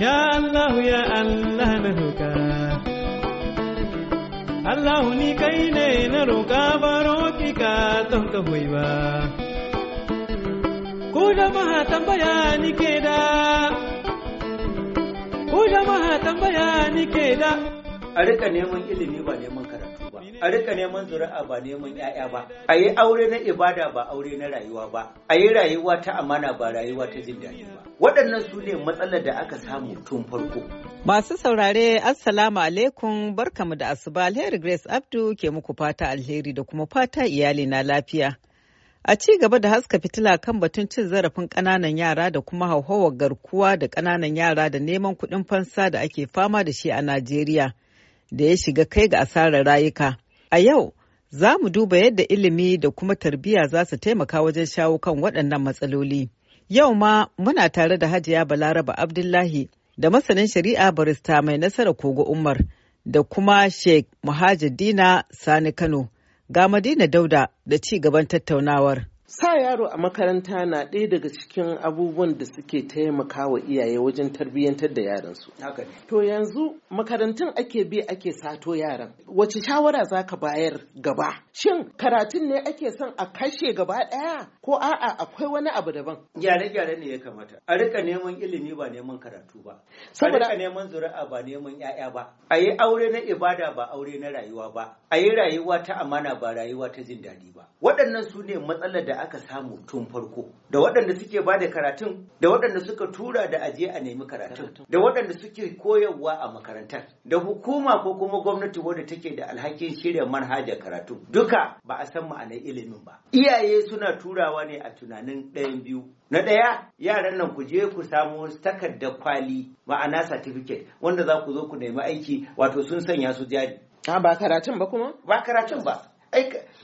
Ya Allah ya Allah na roƙa Allah ni kai ne na roƙa baro ki ka don ka hoyi ba Ku jama'a tambaya ni ke da Ku jama'a tambaya ni ke da A rika neman ilimi ba neman karatu a rika neman zuri'a ba neman 'ya'ya ba a yi aure na ibada ba aure na rayuwa ba a yi rayuwa ta amana ba rayuwa ta jin daɗi ba waɗannan su ne matsalar da aka samu tun farko masu saurare assalamu alaikum barkamu da asuba alheri grace abdu ke muku fata alheri da kuma fata iyali na lafiya A ci gaba da haska fitila kan batun cin zarafin ƙananan yara da kuma hauhawar garkuwa da ƙananan yara da neman kuɗin fansa da ake fama da shi a Najeriya da ya shiga kai ga asarar rayuka. A yau, za mu duba yadda ilimi da kuma tarbiyya za su taimaka wajen shawo kan waɗannan matsaloli. Yau ma muna tare da Hajiya Balaraba Abdullahi da masanin shari'a barista mai nasara Kogo Umar da kuma Sheikh Muhajidina Sani Kano. Ga Madina Dauda da ci gaban tattaunawar. sa yaro a makaranta na ɗaya daga cikin abubuwan da suke taimakawa iyaye wajen tarbiyyantar da yaransu. To yanzu makarantun ake bi ake sato yaran. Wace shawara za ka bayar gaba? Shin karatun ne ake son a kashe gaba ɗaya ko a'a akwai wani abu daban? Gyare-gyare ne ya kamata. A rika neman ilimi ba neman karatu ba. Saboda a neman zuri'a ba neman 'ya'ya ba. A yi aure na ibada ba aure na rayuwa ba. A yi rayuwa ta amana ba rayuwa ta jin daɗi ba. Waɗannan su ne matsalar da aka samu tun farko da waɗanda suke ba da karatun da waɗanda suka tura da ajiye a nemi karatun da waɗanda suke koyarwa a makarantar da hukuma ko kuma gwamnati wadda take da alhakin shirya manhajar karatu duka ba a san ma'anar ilimin ba iyaye suna turawa ne a tunanin ɗayan biyu na ɗaya yaran nan ku je ku samo takardar kwali ma'ana certificate wanda za ku zo ku nemi aiki wato sun sanya su jari ah, ba karatun ba kuma ba karatun ba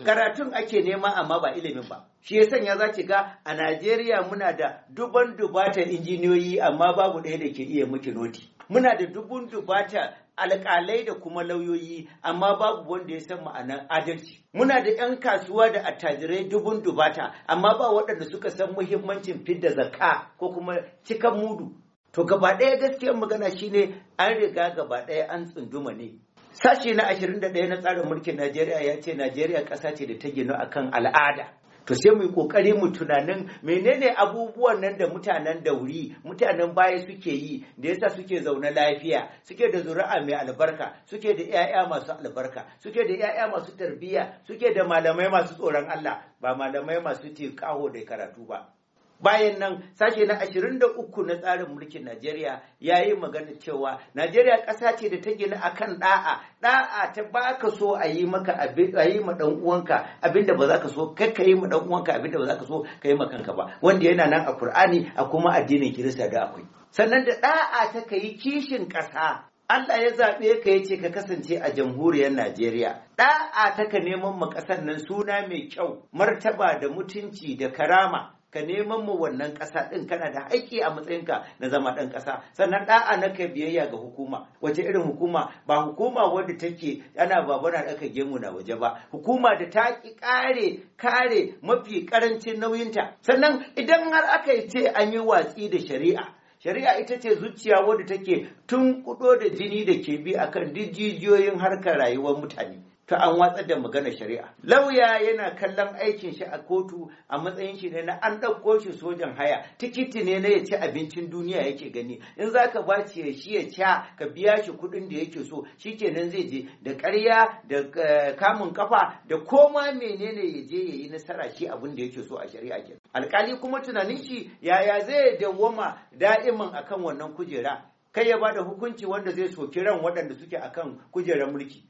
karatun ake nema amma ba ilimin ba shi ya sanya za ki ga a najeriya muna da duban dubata injiniyoyi amma babu ɗaya da ke iya miki noti muna da dubun dubata alƙalai da kuma lauyoyi amma babu wanda ya san ma'anar adalci muna da 'yan kasuwa da attajirai dubun dubata amma ba waɗanda suka san muhimmancin fidda zakka ko kuma cikan mudu to gaba ɗaya gaskiyar magana shine an riga gaba ɗaya an tsunduma ne Sashi na 21 na tsarin mulkin Najeriya ya ce Najeriya ƙasa ce da ta ginu akan al'ada. To sai mu yi ƙoƙari mu tunanin menene abubuwan nan da mutanen da wuri mutanen baya suke yi da yasa suke zaune lafiya, suke da zuri'a mai albarka, suke da 'ya'ya masu albarka, suke da 'ya'ya masu tarbiyya, suke da malamai masu tsoron Allah, ba malamai masu tekaho da karatu ba. bayan nan sashe na 23 na tsarin mulkin Najeriya ya yi magana cewa Najeriya ƙasa ce da ta gina a kan ɗa'a. Ɗa'a ta ba ka so a yi maka a yi ma uwanka abinda ba za ka so kai ka yi ma ɗan'uwanka uwanka abinda ba za ka so ka yi ma kanka ba wanda yana nan a Kur'ani, a kuma addinin Kirista da akwai sannan da ɗa'a ta kai kishin ƙasa Allah ya zaɓe ka ya ce ka kasance a jamhuriyar Najeriya. Ɗa'a ta ka neman ma ƙasar nan suna mai kyau, martaba da mutunci da karama. ka neman mu wannan ƙasa ɗin kana da haƙƙi a matsayinka na zama ɗan ƙasa sannan ɗa'a na ka biyayya ga hukuma wace irin hukuma ba hukuma wadda take ana babana aka gemu na waje ba hukuma da ta ƙi ƙare kare mafi ƙarancin nauyinta sannan idan har aka yi ce an yi watsi da shari'a shari'a ita ce zuciya wadda take tun da jini da ke bi akan dijijiyoyin harkar rayuwar mutane ta an watsar da magana shari'a lauya yana kallon aikin shi a kotu a matsayin shi ne na an ɗauko shi sojan haya tikiti ne na ya ci abincin duniya yake gani in za ka bace shi ya ca ka biya shi kuɗin da yake so shi kenan zai je da ƙarya da eh, kamun kafa da koma menene ya je ya yi nasara shi abin da yake so a shari'a ke alƙali kuma tunanin shi yaya zai dawwama da'iman akan wannan kujera kai ya bada hukunci wanda zai soki ran waɗanda suke akan kujerar mulki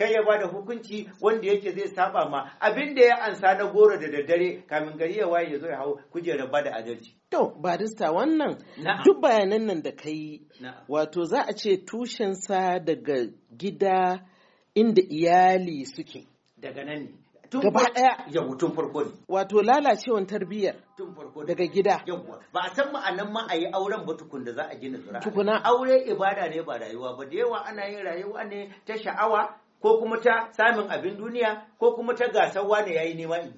kai ya bada hukunci wanda yake zai saba ma abin da ya ansa na goro da daddare kamin gari ya waye ya zo ya hau kujerar bada adalci to barista wannan duk bayanan nan da kai wato za a ce tushensa daga gida inda iyali suke daga nan ne gaba ɗaya yawo tun farko ne wato lalacewan tarbiyyar tun farko daga gida ba a san ma'anan ma a yi auren ba tukun da za a gina zura tukuna aure ibada ne ba rayuwa ba da yawa ana yin rayuwa ne ta sha'awa ko kuma ta samun abin duniya ko kuma ta gasar wane yi nema in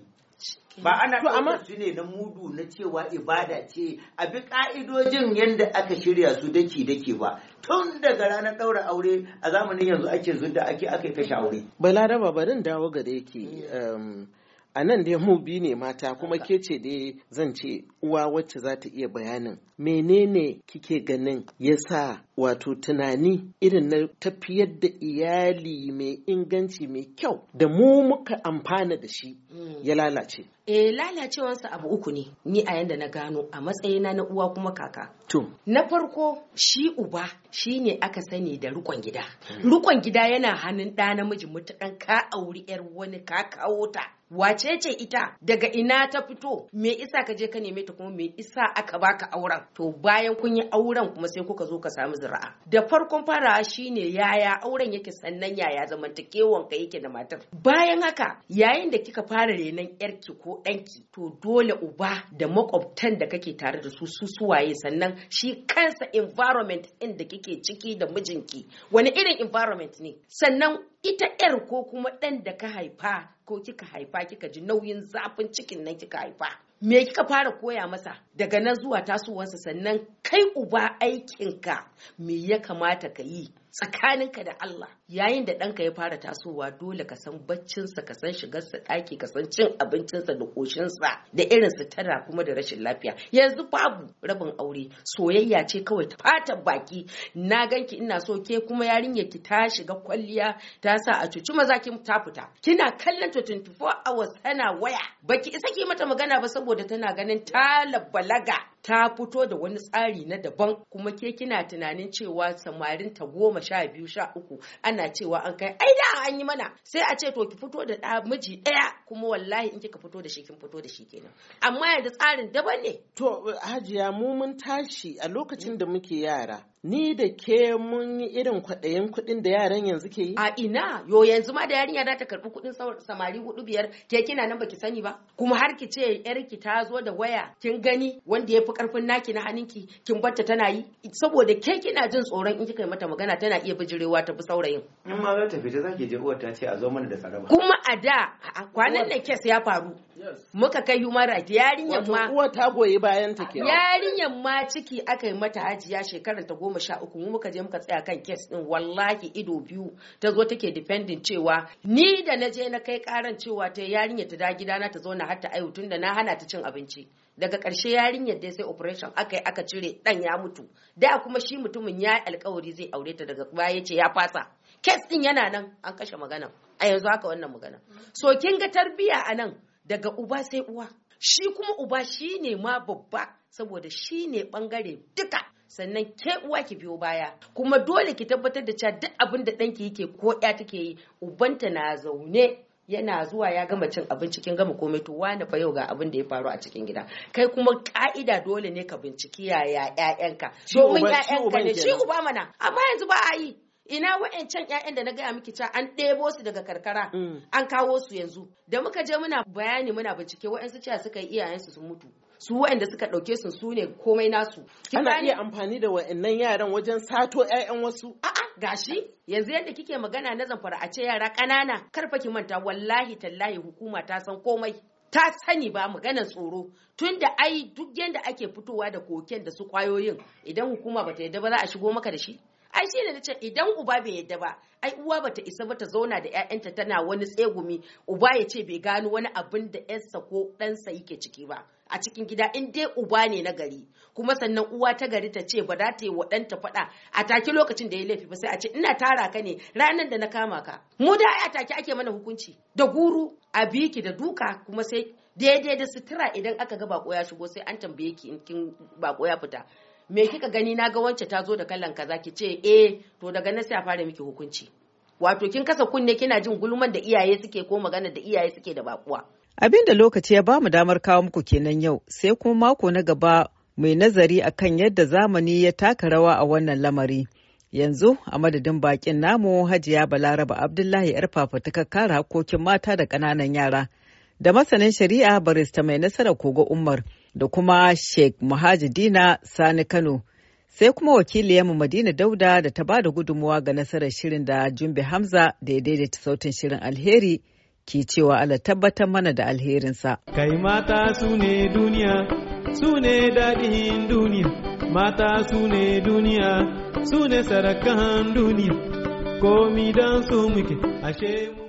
ba ana ɗaukar su ne na mudu na cewa ibada ce a bi ƙa'idojin yadda aka shirya su daki daki ba tun daga ranar ɗaura aure a zamanin yanzu ake zunda ake aka kashe aure. Balaraba barin dawo gare ki. Um, a nan dai mu biyu ne mata kuma ke ce dai zan ce uwa wacce za ta iya bayanin menene kike ganin ya sa wato tunani irin na tafiyar da iyali mai inganci mai kyau da mu muka amfana da shi hmm. ya lalace e lalacewarsa abu uku ne ni a yanda na gano a matsayina na uwa kuma kaka to na farko shi uba shi ne aka sani da rukon gida hmm. rukon gida yana hannun ɗa namiji mutukan ka auri yar wani ka kawo ta wace ce ita daga ina ta fito me isa ka je ka neme ta kuma me isa aka baka auren to bayan kun yi auren kuma sai kuka zo ka samu zira'a da farkon farawa shine yaya auren yake sannan yaya zamantakewan ka yake da matar bayan haka yayin da kika fara renon yarki ko 'danki, to dole uba da makwabtan da kake tare da su su suwaye sannan shi kansa environment ɗin da kike ciki da mijinki wani irin environment ne sannan ita yar ko kuma ɗan da ka haifa ko kika haifa kika ji nauyin zafin cikin nan kika haifa me kika fara koya masa daga nan zuwa tasowarsa sannan kai uba aikinka me ya kamata ka yi tsakaninka da Allah yayin da ɗanka ya fara tasowa dole ka san baccinsa ka san shigarsa ɗaki ka san cin abincinsa da ƙoshinsa da irin tana kuma da rashin lafiya yanzu babu rabin aure soyayya ce kawai ta fatan baki na ganki ina so ke kuma yarinyar ki ta shiga kwalliya ta sa a cuci maza ki ta fita kina kallon 24 hours tana waya baki isa ki mata magana ba saboda tana ganin ta labbalaga ta fito da wani tsari na daban kuma ke kina tunanin cewa samarin ta goma sha biyu sha uku ana cewa an kai ai da an yi mana sai a ce to ki fito da miji ɗaya kuma wallahi in kika fito da shi kin fito da shi kenan amma yanzu tsarin daban ne to hajiya mu mun tashi a lokacin da muke yara ni da ke mun yi irin kwaɗayin kuɗin da yaran yanzu ke yi? A ina, yo yanzu ma da yarinya za ta karɓi kuɗin samari hudu biyar ke kina nan baki sani ba? Kuma har ki ce yarki ta zo da waya kin gani wanda ya fi ƙarfin naki na hannunki kin batta tana yi? Saboda ke kina jin tsoron in kika yi mata magana tana iya bijirewa ta bi saurayin. In ma za ta fita za ki je uwar ta ce a zo mana da tsaraba. Kuma a da kwanan nan kes ya faru. Muka kai human right Yarinyan ma. uwar ta goyi bayan ta ke. ma ciki aka yi mata hajiya shekarar ta goma goma sha uku mu muka je muka tsaya kan kes din wallahi ido biyu ta zo take dependin cewa ni da na je na kai karan cewa ta yarinya ta da gidana ta zo na har ta aihu tunda na hana ta cin abinci daga ƙarshe yarinyar dai sai operation aka yi aka cire dan ya mutu da kuma shi mutumin ya alkawari zai aure ta daga baya yace ya fasa kes din yana nan an kashe magana a yanzu haka wannan magana so kin ga tarbiya a nan daga uba sai uwa shi kuma uba shi ne ma babba saboda shi ne bangare duka sannan ke uwa ki biyo baya kuma dole ki tabbatar da cewa duk abin da ɗanki yake ko ya take yi ubanta na zaune yana zuwa ya gama cin abinci kin gama komai to wani fa yau ga abin da ya faru a cikin gida kai kuma ka'ida dole ne ka binciki ya ƴaƴanka domin ƴaƴanka ne shi uba mana amma yanzu ba a yi ina wa'ancan 'ya'yan da na gaya miki ca an ɗebo su daga karkara mm. an kawo su yanzu da muka je muna bayani muna bincike wa'ansu cewa suka yi iyayensu sun mutu su waɗanda suka ɗauke su su ne komai nasu ana iya amfani da wa'annan yaran wajen sato 'ya'yan wasu a'a gashi yanzu yadda kike magana na zamfara a ce yara ƙanana karfa ki manta wallahi tallahi hukuma ta san komai ta sani ba maganar tsoro tunda ai duk yadda ake fitowa da koken da su kwayoyin idan hukuma bata yadda ba za a shigo maka da shi ai shi ne nace idan uba bai yadda ba ai uwa bata isa ba ta zauna da 'ya'yanta tana wani tsegumi uba ya ce bai gano wani abin da ƴarsa ko ɗansa yake ciki ba a cikin gida in dai uba ne na gari kuma sannan uwa ta gari ta ce ba za ta yi wa ta faɗa a take lokacin da ya laifi ba sai a ce ina tara ka ne ranar da na kama ka mu da a take ake mana hukunci da guru a biki da duka kuma sai daidai da sutura idan aka ga bako ya shigo sai an tambaye ki in kin bako ya fita me kika gani na ga wance ta zo da kallon kaza ki ce eh to daga nan sai a fara miki hukunci wato kin kasa kunne kina jin gulman da iyaye suke ko magana da iyaye suke da bakuwa Abin da lokaci ya ba mu damar kawo muku kenan yau, sai kuma mako na gaba mai nazari a kan yadda zamani ya taka rawa a wannan lamari. Yanzu a madadin bakin namu Hajiya Balaraba Abdullahi yar fafutukar kare hakokin mata da ƙananan yara. Da masanin shari'a barista mai nasara kogo Umar da kuma Sheikh Muhajidina Sani Kano. Sai kuma wakiliyarmu Madina Dauda da ta ba da gudunmuwa ga nasarar shirin da Jumbe Hamza da ya daidaita sautin shirin alheri. ke cewa Allah tabbatar mana da alherinsa. Kai mata su ne duniya, su ne daɗin duniya, mata su ne duniya, su ne sarakan duniya, komi don su muke, ashe mu.